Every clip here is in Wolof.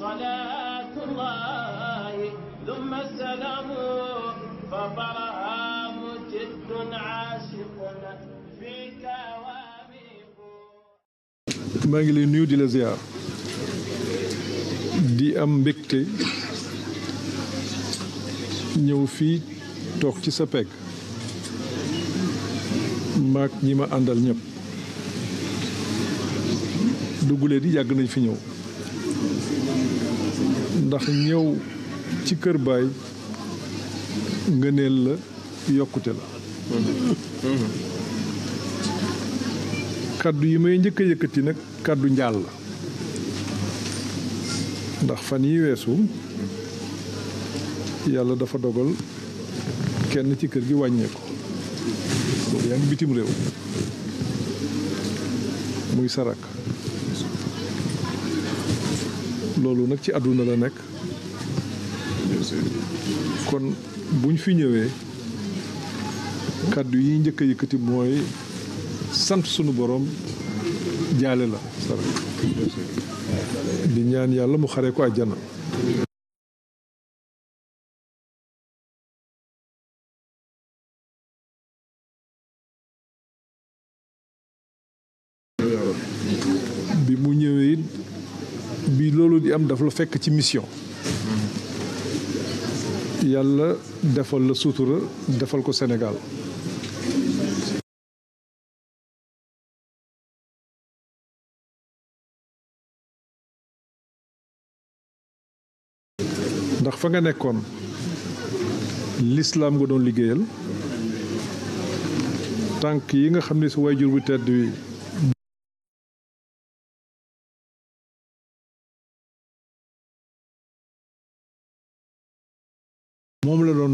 صلاة الله ثم السلام فطرها مجد عاشق فيك وامق maa ngi lay nuyu di la ziar di am mbégte ñëw fii toog ci sa pegg maag ñi ma àndal ñépp duggulee di yàgg nañ fi ñëw ndax ñëw ci kër baay ngëneel la yokkute la kàddu yi may njëkk a yëkkati nag kàddu njaal la ndax fan yi weesu yàlla dafa dogal kenn ci kër gi wàññeeku boobu yaa ngi bitim réew muy sarak loolu nag ci àdduna la nekk kon buñ fi ñëwee kàddu yi njëkk a yëkkati mooy sant sunu boroom jaale la di ñaan yàlla mu xaree ko àjjana bi mu ñëwee bi loolu di am dafa la fekk ci mission yàlla defal la suutura defal ko senegaal ndax fa nga nekkoon lislaam nga doon liggéeyal tànk yi nga xam ne si waajur bu tedd wi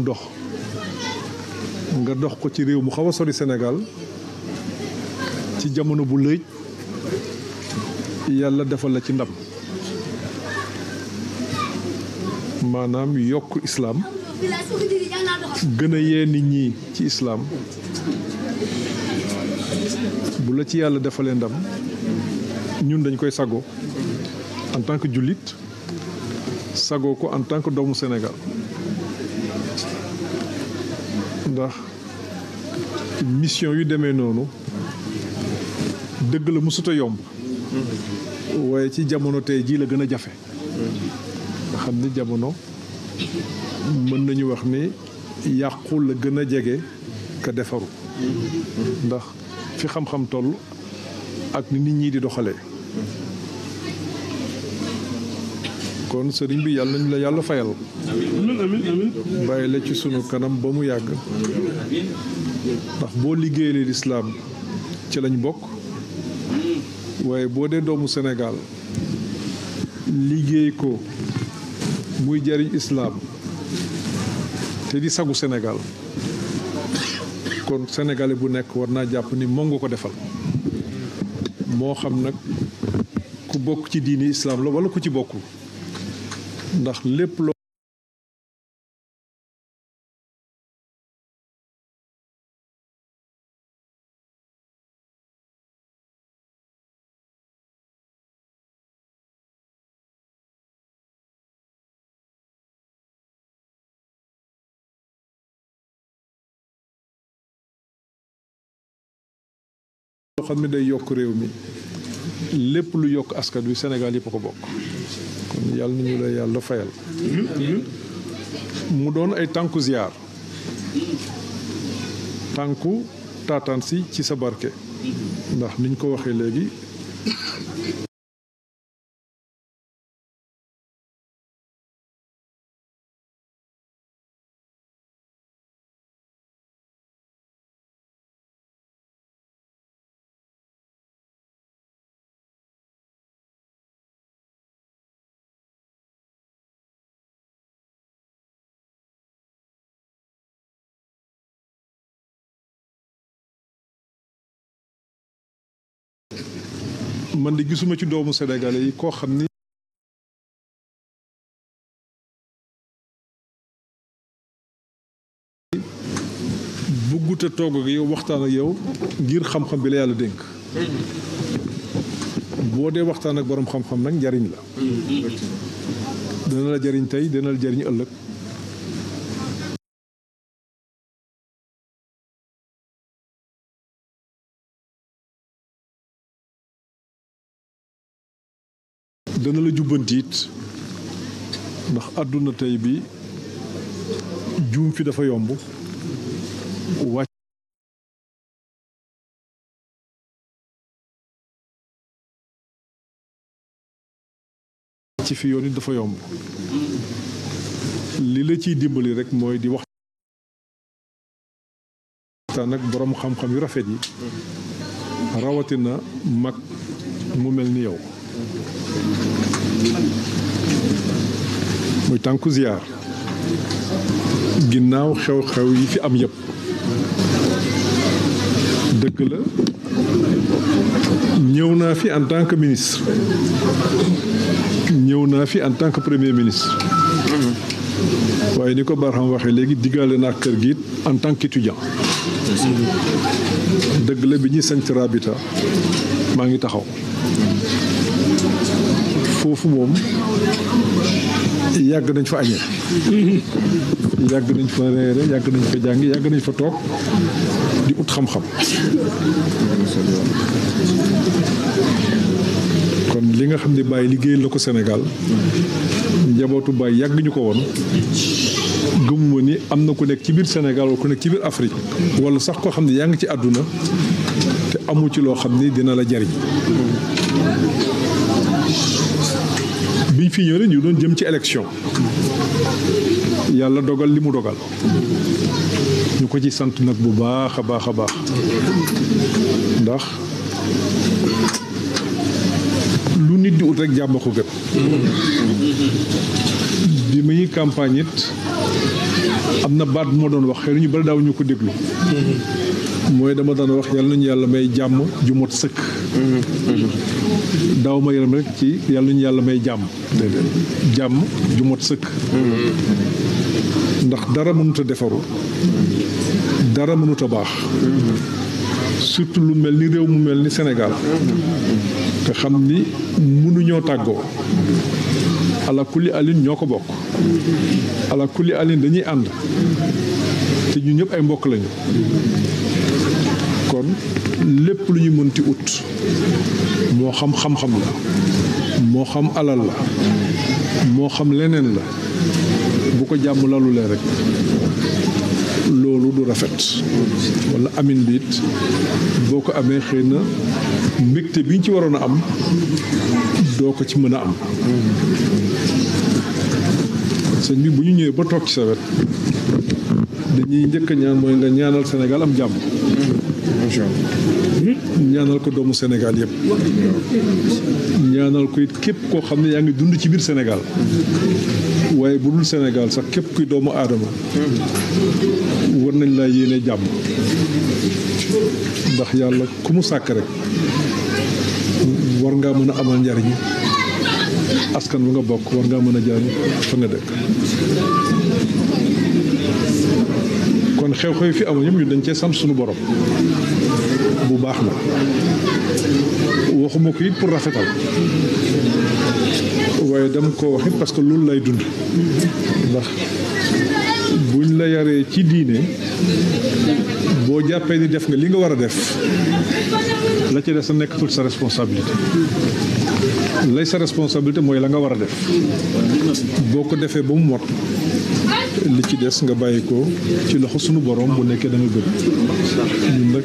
dox nga dox ko ci réew mu xaw a sori senegal ci jamono bu lëj yàlla defal la ci ndam maanaam yokk islaam gën a yee nit ñi ci islaam bu ci yàlla defalee ndam ñun dañ koy sago en tant que jullit sagoo ko en tant que doomu senegal ndax mission yu demee noonu dëgg la mësuta yomb waaye ci jamono tey jii la gën a jafe nga xam ni jamono mën nañu wax ni yàqu la gën a jege ka defaru ndax fi xam-xam toll ak ni nit ñi di doxale kon sëriñ bi yàlla nañu la yàlla fayal. amiin ci sunu kanam ba mu yàgg. ndax boo liggéeyee lislaam ci lañ bokk. waaye boo dee doomu senegaal liggéey ko muy jariñ islaam te di sagu Sénégal kon sénégalais bu nekk war naa jàpp ni moom nga ko defal moo xam nag ku bokk ci diini islaam la walla ku ci bokkul ndax lépp loo xam ne day yokk réew mi lépp lu yokk askan wi senegal yëpp ko bokk yàlla na ñu la yàlla fayal mu doon ay tànku ziar tànku taataan ci sa barke ndax niñ ko waxee léegi man de gisuma ci doomu Sénégalais yi koo xam ni. bëggut a toog ak yow waxtaan ak yow ngir xam-xam bi la yàlla dénk. boo dee waxtaan ak boroom xam-xam nag njariñ la. Mm-hmm. dana la jariñ tey dana la jariñ ëllëg. dana la jubbanti it ndax àdduna tey bi juum fi dafa yomb wàcc ci fi yoon it dafa yomb li la ciy dimbali rekk mooy di waxtaan ak boroom xam-xam yu rafet yi rawatina mag mu mel ni yow muy tànku ziar ginnaaw xew-xew yi fi am yëpp dëgg la ñëw naa fi en tant que ñëw naa fi en tant que premier ministre waaye ni ko Barham waxee léegi diggaale naa kër gi en tant qu'étudiant dëgg la bi ñuy sañ rabita maa ngi taxaw foofu moom yàgg nañ fa añee yàgg nañ fa reere yàgg nañ fa jàng yàgg nañ fa toog di ut xam-xam kon li nga xam ne Baye liggéeyal la ko Sénégal njabootu Baye yàgg ñu ko woon gëmuma ni am na ku nekk ci biir Sénégal wala ku nekk ci biir Afrique wala sax koo xam ne yaa ngi ci àdduna te amu ci loo xam ni dina la jariñ fignoré ñu doon jëm ci élection yàlla dogal li mu dogal ñu ko ci sant nag bu baax a baax a baax ndax lu nit di ut rek jàmbaxu ko gën bi muy campagne it am na baat bu ma doon wax xëy na ñu bari daaw ñu ko déglu mooy dama daan wax yàlla nañu yàlla may jàmm ju mot sëkk daaw ma yaram rek ci yàlla nañu yàlla may jàmm jàmm ju mot sëkk ndax dara mënut a defaru dara mënut baax surtout lu mel ni réew mu mel ni senegal te xam ni mënuñoo tàggoo ala kulli alin ñoo ko bokk ala kulli alin dañuy ànd te ñu ñëpp ay mbokk lañu lépp lu ñu mënti ut moo xam xam-xam la moo xam alal la moo xam leneen la bu ko jàmm lalulee rek loolu du rafet walla amin bi boo ko amee xëy na mbégte bi ñu ci waroon a am doo ko ci mën a am sëñ bi bu ñu ñëwee ba toog ci sa dañuy njëkk a ñaan mooy nga ñaanal Sénégal am jàmm ñaanal ko doomu Sénégal yëpp. ñaanal ko it képp koo xam ne yaa ngi dund ci biir Sénégal. waaye bu dul Sénégal sax képp kuy doomu aadama. war nañ laay yéene jàmm. ndax yàlla ku mu sàkk rek. war ngaa mën a amal njariñ askan bu nga bokk war ngaa mën a jariñ fa nga dëkk. kon xew-xew fi amoon yëpp ñu dañ cee sant suñu boroom baax la waxuma ko it pour rafetal waaye dama ko wax parce que loolu lay dund ndax buñ la yaree ci diine boo jàppee ni def nga li nga war a def la ci des sa nekkatul sa responsabilité lay sa responsabilité mooy la nga war a def boo ko defee ba mu mot li ci des nga bàyyi ko ci loxo sunu borom bu nekkee da nga gëm ñun nag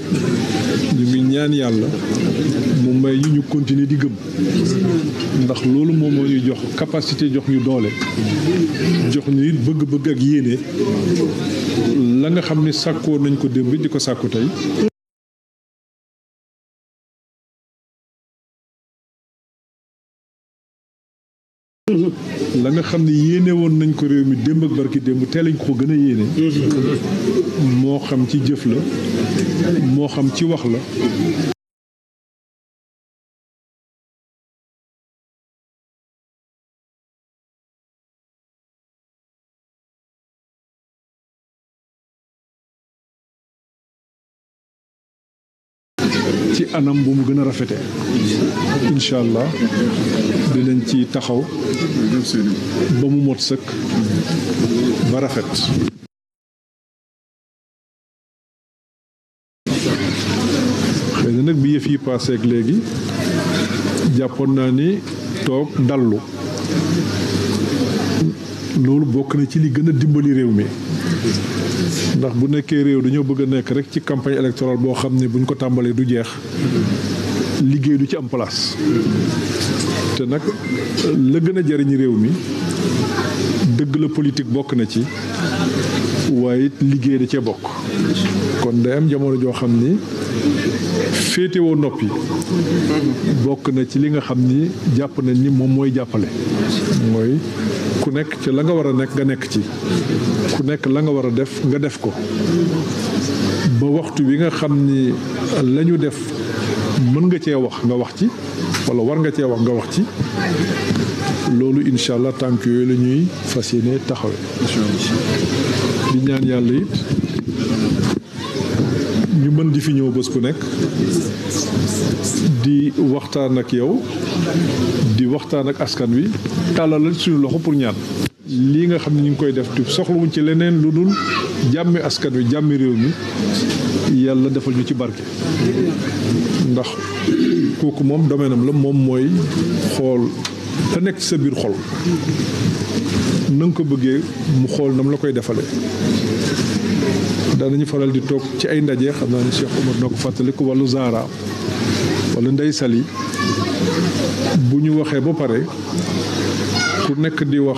ñu ngi ñaan yàlla mu may ñu ñu continuer di gëm ndax loolu moom moo ñuy jox capacité jox ñu doole jox ñu it bëgg-bëgg ak yéene la nga xam ni sàkkoo nañ ko démb di ko sàkku tey la nga xam ne yéene woon nañ ko réew mi démb ak barki démb teel lañ ko gën a yéene mm-hmm. moo xam ci jëf la moo xam ci wax la anam bu mu gën a rafete incha allah dinañ ci taxaw ba mu mot sëkk ba rafet xëy nag bi yëf yi paaseeg léegi jàppoon naa ni toog dallu loolu bokk na ci li gën a dimbali réew mi ndax bu nekkee réew dañoo bëgg nekk rek ci campagne électorale boo xam ne buñ ko tàmbalee du jeex liggéey du ci am place te nag la gën a jariñ réew mi dëgg la politique bokk na ci waaye it liggéey da cee bokk kon day am jamono joo xam ni féetewoo noppi bokk na ci li nga xam ni jàpp nañ ni moom mooy jàppale mooy ku nekk ci la nga war a nekk nga nekk ci ku nekk la nga war a def nga def ko ba waxtu wi nga xam ni la ñu def mën nga cee wax nga wax ci wala war nga cee wax nga wax ci loolu incha allah tànk yooyu la ñuy fas yéene taxawe di ñaan yàlla it ñu mën di fi ñëw bës ku nekk di waxtaan ak yow di waxtaan ak askan wi tàllalal suñu loxo pour ñaan lii nga xam ne ñu ngi koy def te soxlawuñ ci leneen lu dul jàmmi askan wi jàmmi réew mi yàlla defal ñu ci barke ndax kooku moom domaine am la moom mooy xool te nekk ci sa biir xol na ko bëggee mu xool nam la koy defalee daanañu faral di toog ci ay ndaje xam naa ne Cheikh Omar noo ko fàttaliku wàllu Zahra wala Ndey Sali bu ñu waxee ba pare ku nekk di wax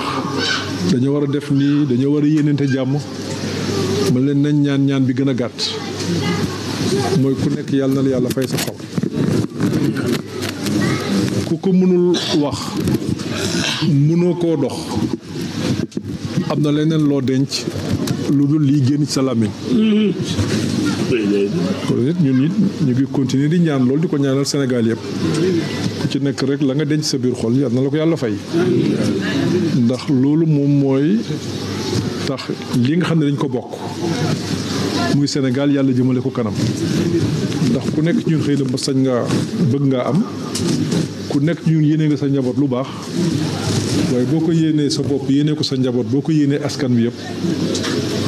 dañoo war a def nii dañoo war a yéenante jàmm ma leen nañ ñaan ñaan bi gën a gàtt mooy ku nekk yàlla na la yàlla fay sa xol ku ko mënul wax mënoo koo dox am na leneen loo denc lu dul lii génn ci sa làmmiñ mm-hmm. kon ñu ngi continuer di ñaan loolu di ko ñaanal senegal yëpp ci nekk rek la nga denc sa biir xol yal na la ko yàlla fay ndax loolu moom mooy tax lii nga xam ne dañ ko bokk muy Sénégal yàlla jëmale ko kanam ndax ku nekk ñun xëy na ba sañ nga bëgg ngaa am ku nekk ñun yéene nga sa njaboot lu baax waaye boo ko yéenee sa bopp yéenee ko sa njaboot boo ko yéenee askan wi yëpp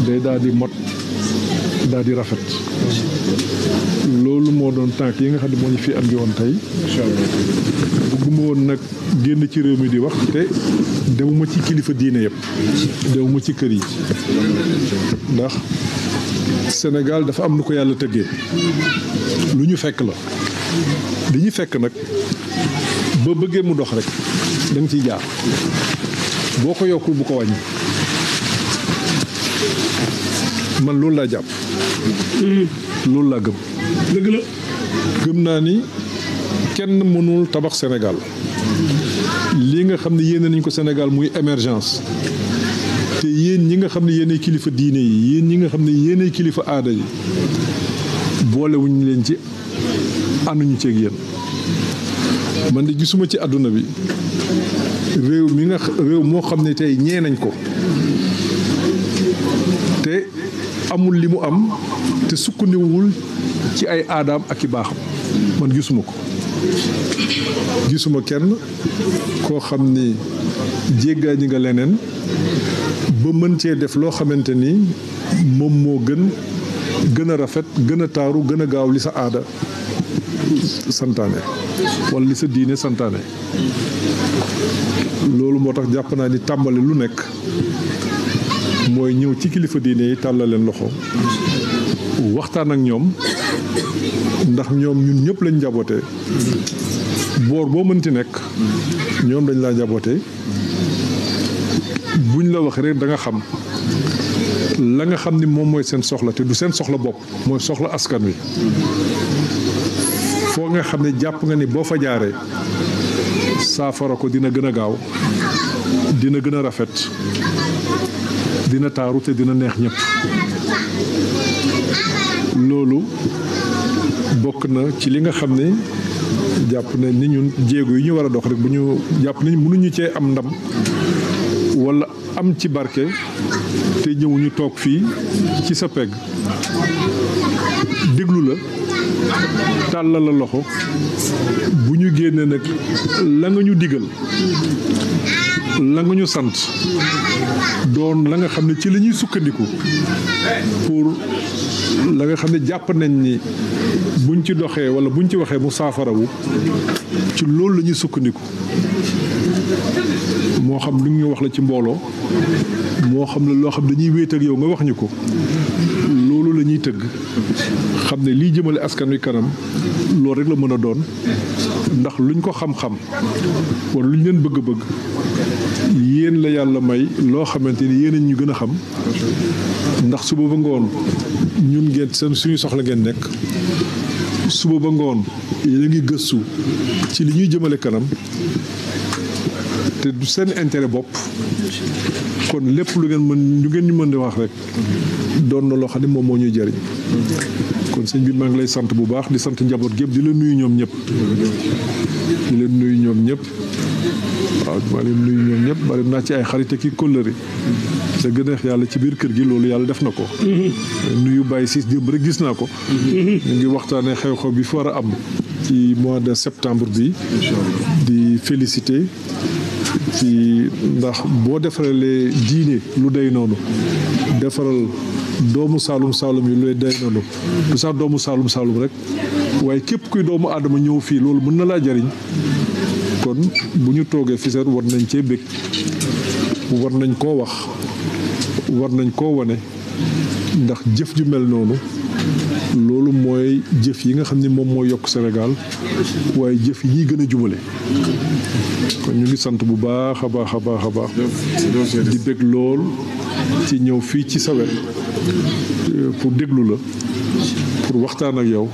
day daal di mot daal di rafet loolu moo doon tànk yi nga xam ne moo ñu fi andi woon tey bëgguma woon nag génn ci réew mi di wax te demuma ci kilifa diine yëpp demuma ci kër yi ndax Sénégal dafa am nu ko yàlla tëggee lu ñu fekk la li ñu fekk nag boo bëggee mu dox rek da nga ciy jaar boo ko yokkul bu ko wañ man loolu laa jàpp. Hmm. loolu laa gëm. gëm naa ni kenn mënul tabax Sénégal lii nga xam ne yéene nañ ko Sénégal muy émergence te yéen ñi nga xam ne yéenay kilifa diine yi yéen ñi nga xam ne yéenay kilifa aada yi boolewuñu leen ci ànduñu ceeg yéen man de gisuma ci àdduna bi réew mi nga réew moo xam ne tey ñee nañ ko te amul li mu am te sukkandiwul ci ay aadaam ak i baaxam man gisuma ko gisuma kenn koo xam ni jéggaani nga leneen ba mën cee def loo xamante ni moom moo gën gën a rafet gën a taaru gën a gaaw li sa aada santaane wala li sa diine santaane loolu moo tax jàpp naa ni tàmbali lu nekk mooy ñëw ci kilifa diine yi tàllal leen loxo waxtaan ak ñoom ndax ñoom ñun ñëpp lañ njaboote boor boo mënti nekk ñoom dañ laa njaboote buñ la wax rek da xam la nga xam ni moom mooy seen soxla te du seen soxla bopp mooy soxla askan wi foo nga xam ne jàpp nga ni boo fa jaaree saafara ko dina gën a gaaw dina gën a rafet dina taaru te dina neex ñëpp loolu bokk na ci li nga xam ne jàpp na ni ñu jéego yi ñu war a dox rek bu ñu jàpp nañ mënuñu cee am ndam walla am ci barke te ñëwuñu toog fii ci sa pegg déglu la tàllal la loxo bu ñu génnee nag la nga ñu digal la nga ñu sant doon la nga xam ne ci lañuy sukkandiku pour la nga xam ne jàpp nañ ni buñ ci doxee wala buñ ci waxee mu saafarawu ci loolu lañuy sukkandiku moo xam lu ñu wax la ci mbooloo moo xam ne loo xam dañuy wéet yow nga wax ñu ko loolu la ñuy tëgg xam ne lii jëmale askan wi kanam loolu rek la mën a doon ndax luñ ko xam-xam wala luñ leen bëgg-bëgg yéen la yàlla may loo xamante ni yéen ñu gën a xam ndax suba ba ngoon ñun ngeen seen suñu soxla ngeen nekk suba ba ngoon yéen a ngi gëstu ci li ñuy jëmale kanam te du seen intérêt bopp kon lépp lu ngeen mën lu ngeen ñu mën di wax rek doon na loo xam ne moom moo ñuy jëriñ kon sëñ bi maa ngi lay sant bu baax di sant njaboot gépp di la nuyu ñoom ñëpp di leen nuyu ñoom ñëpp waaw maa leen nuyu ñoom ñëpp bari naa ci ay xarit ak i kóllëre te gën yàlla ci biir kër gi loolu yàlla def na ko nuyu bàyyi siis démb rek gis naa ko ñu ngi waxtaanee xew-xew bi fi war a am ci mois de septembre bi di féliciter ci ndax boo defaralee diine lu day noonu defaral doomu saalum saalum yi lu day noonu du sax doomu saalum saalum rek waaye képp kuy doomu aadama ñëw fii loolu mën na laa jariñ kon bu ñu toogee fi seet war nañ cee bég war nañ koo wax war nañ koo wane ndax jëf ju mel noonu loolu mooy jëf yi nga xam ne moom moo yokk senegal waaye jëf yi gën a jubale kon ñu ngi sant bu baax a baax a baax a baax di bég lool ci ñëw fii ci sa euh, pour déglu la pour waxtaan ak yow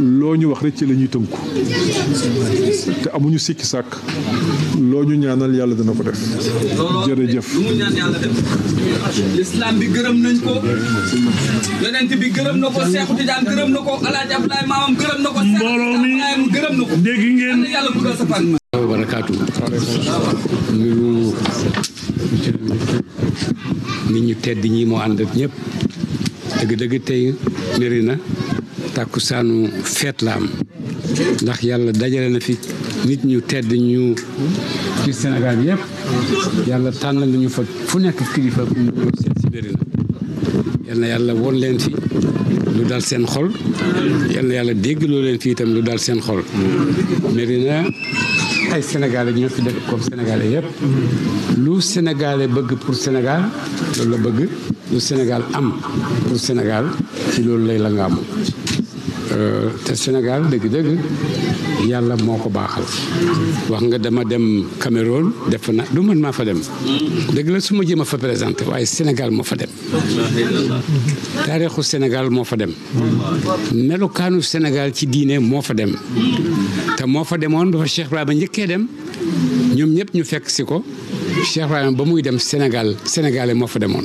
loo ñu wax rek ci la ñuy tënku te amuñu sikki sàkk loo ñu ñaanal yàlla dana ko def jërëjëf lu mu ñaan ko yonent dégg ngeen barakaatu. nuyu nit ñu tedd ñi moo ànd ak ñëpp dëgg-dëgg tey nari na tàkkusaanu feet la am ndax yàlla dajale na fi nit ñu tedd ñu ci Sénégal yëpp yàlla tànn nañu fa fu nekk kilifa ñu ko seet si nari yàlla woon leen fi lu dal seen xol yal yàlla dégg loo leen fi itam lu dal seen xol nari ay sénégalais ñoo fi dëkk comme sénégalais yëpp lu sénégalais bëgg pour sénégal loolu la bëgg lu sénégal am pour sénégal ci loolu lay la nga am Euh, te Sénégal dëgg-dëgg yàlla moo ko baaxal wax nga dama dem Cameroun def na du man maa fa dem dëgg la su ma jëm a fa présenté waaye Sénégal moo fa dem taarixu Sénégal moo fa dem melukaanu Sénégal ci diine moo fa dem te moo fa demoon ba fa Cheikh Ibrahima njëkkee dem ñoom ñëpp ñu fekk si ko Cheikh Ibrahima ba muy dem Sénégal sénégalais moo fa demoon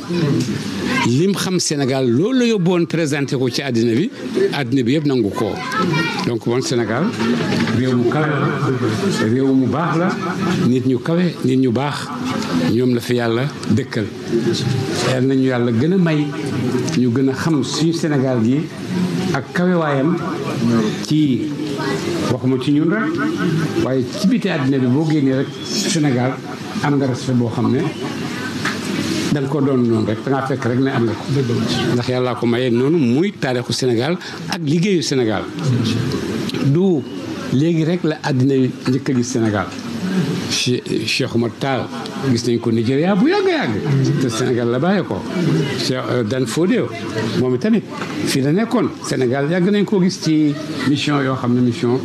lim xam Sénégal loolu la yóbboon présenté ko ci àddina bi àddina bi yëpp nangu ko donc bon Sénégal réew mu kawe la réew mu baax la nit ñu kawe nit ñu baax ñoom la fi yàlla dëkkal yal nañu yàlla gën a may ñu gën a xam suñu Sénégal gi ak kawewaayam ci waxuma ci ñun rek waaye ci biti àddina bi boo génnee rek Sénégal am nga respect boo xam ne da ko doon noonu rek da fekk rek ne am nga ko ndax yàllaa ko mayee noonu muy taarixu Sénégal ak liggéeyu Sénégal du léegi rek la àddina bi njëkk a gis Sénégal Cheikh Oumar Tall gis nañ ko Nigéria bu yàgg yàgg te Sénégal la bàyyee ko Cheikh euh, Dan Fodio moom itamit fii la nekkoon Sénégal yàgg nañ koo gis ci mission yoo xam ne mission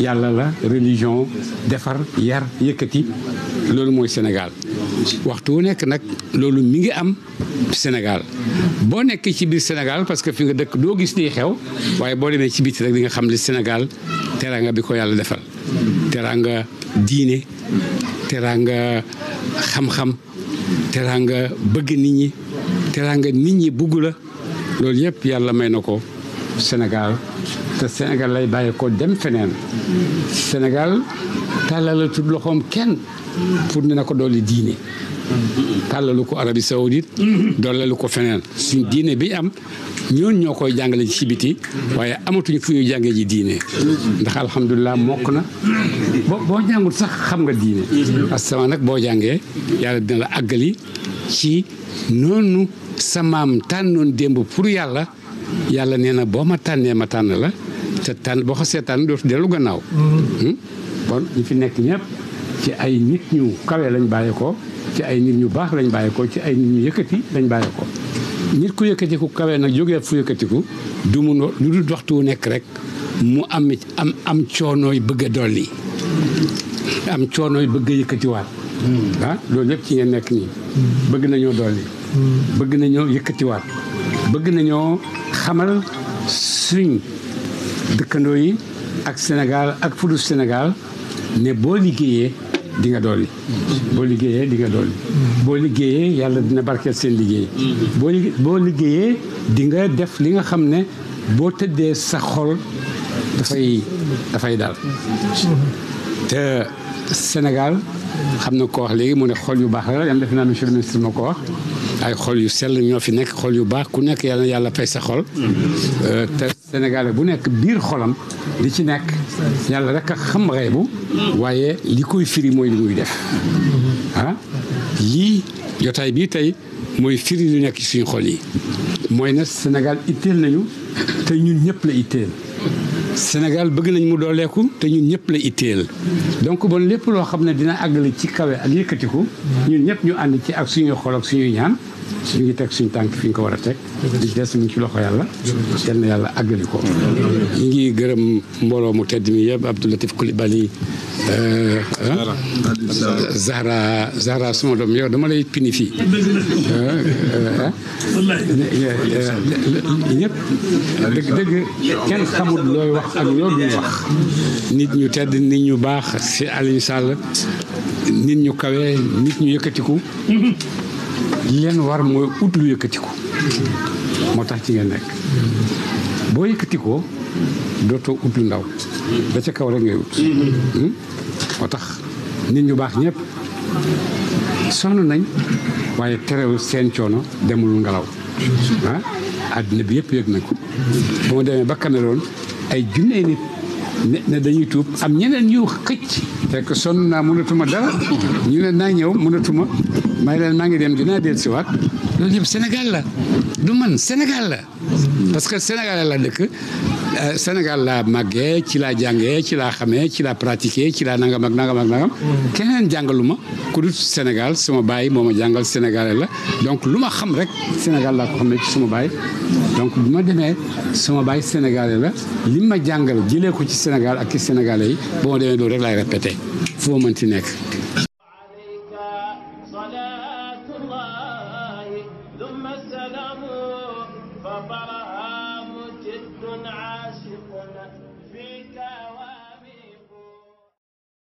yàlla la religion defar yar yëkkati loolu mooy Sénégal waxtu wu nekk nag loolu mu ngi am Sénégal boo nekkee ci biir Sénégal parce que fi nga dëkk doo gis nii xew waaye boo demee ci biti rek di nga xam li Sénégal teraanga bi ko yàlla defal teraanga diine teraanga xam-xam teraanga bëgg nit ñi teraanga nit ñi bugg la loolu yëpp yàlla may na ko Sénégal te Sénégal lay bàyyi ko dem feneen Sénégal tàllalatul loxoom kenn pour ne na ko dolli diine tàllalu ko Arabie Saoudite dollalu ko feneen suñ diine bi am ñoon ñoo koy jàngale ci biti waaye amatuñ fu ñuy jàngee ji diine ndax alhamdulilah mokk na boo boo sax xam nga diine parce que nag boo jàngee yàlla dina la àggali ci noonu sa maam tànnoon démb pour yàlla yàlla nee na boo ma tànnee ma tànn la te tànn boo xasee tànn dootu dellu gannaaw mm-hmm. hmm? bon ñu fi nekk ñëpp ci ay nit ñu kawe lañ bàyyi ko ci ay nit ñu baax lañu bàyyi ko ci ay nit ñu yëkkati lañ bàyyi ko nit ku yëkkatiku kawe nag jóge fu yëkkatiku du mun lu dul waxtu wu nekk rek mu am coonooy bëgg a dolli am coonooy bëgg a hmm. ah, loolu yëpp ci ngeen nekk nii bëgg nañoo dolli hmm. bëgg nañoo yëkkatiwaat bëgg nañoo xamal suñ dëkkandoo yi ak Sénégal ak fudu Sénégal ne boo liggéeyee di nga dolli boo liggéeyee di nga dolli boo liggéeyee yàlla dina barkeel seen liggéey boo boo liggéeyee di def li nga xam ne boo tëddee sa xol dafay dafay dal te Sénégal xam na ko wax léegi mu ne xol yu baax la yam def naa monsieur le ministre moo ko ay xol yu sell ñoo fi nekk xol yu baax ku nekk yàlla yàlla fay sa xol euh, te Sénégalais bu nekk biir xolam di ci nekk yàlla rek xam xam bu waaye li koy firi mooy li muy def ah lii jotaay bii tey mooy firi lu nekk ci suñu xol yi mooy ne Sénégal itteel nañu te ñun ñëpp la itteel Sénégal bëgg nañ mu dooleeku te ñu ñëpp la itteel donc bon lépp loo xam ne dina àggale ci kawe ak yëkkatiku ñun ñëpp ñu ànd ci ak suñu xol ak suñuy ñaan ñu ngi teg suñu tànk fi ñu ko war a teg di des mu ci loxo yàlla yal yàlla àggali ko ngi gërëm mbooloo mu tedd mi yëpp Abdou Latif Coulibaly euh, Zahra Zahra sama doom yow dama lay pini dëgg dëgg kenn xamul looy wax ak loo dul wax nit ñu tedd nit ñu baax si Alioune Sall nit ñu kawe nit ñu yëkkatiku li leen war mooy ut lu ko moo tax ci ngeen nekk boo yëkkatikoo dootoo ut lu ndaw da ca kaw rek ngay ut hmm? moo tax nit ñu baax ñëpp sonn nañ waaye terewul seen coono demul ngelaw ah àddina bi yëpp yëg nañ ko ba demee ba Cameroun ay junne nit ne ne dañuy tuub am ñeneen ñu xëcc fekk sonn naa mënatuma dara ñu leen naa ñëw mënatuma may leen maa ngi dem dinaa dellu si waat loolu yëpp Sénégal la du man Sénégal la parce que Sénégal la dëkk euh, Sénégal laa màggee ci laa jàngee ci laa xamee ci laa pratiqué ci laa nangam ak nangam ak nangam keneen jàngalu ma ku dul Sénégal sama baay moo ma jàngal Sénégalais la donc lu ma xam rek Sénégal laa ko xamee ci suma baay donc bu ma demee suma baay Sénégalais la li ma jàngal jëlee ko ci Sénégal ak ci Sénégalais yi bu ma demee loolu rek laay répété foo mënti nekk.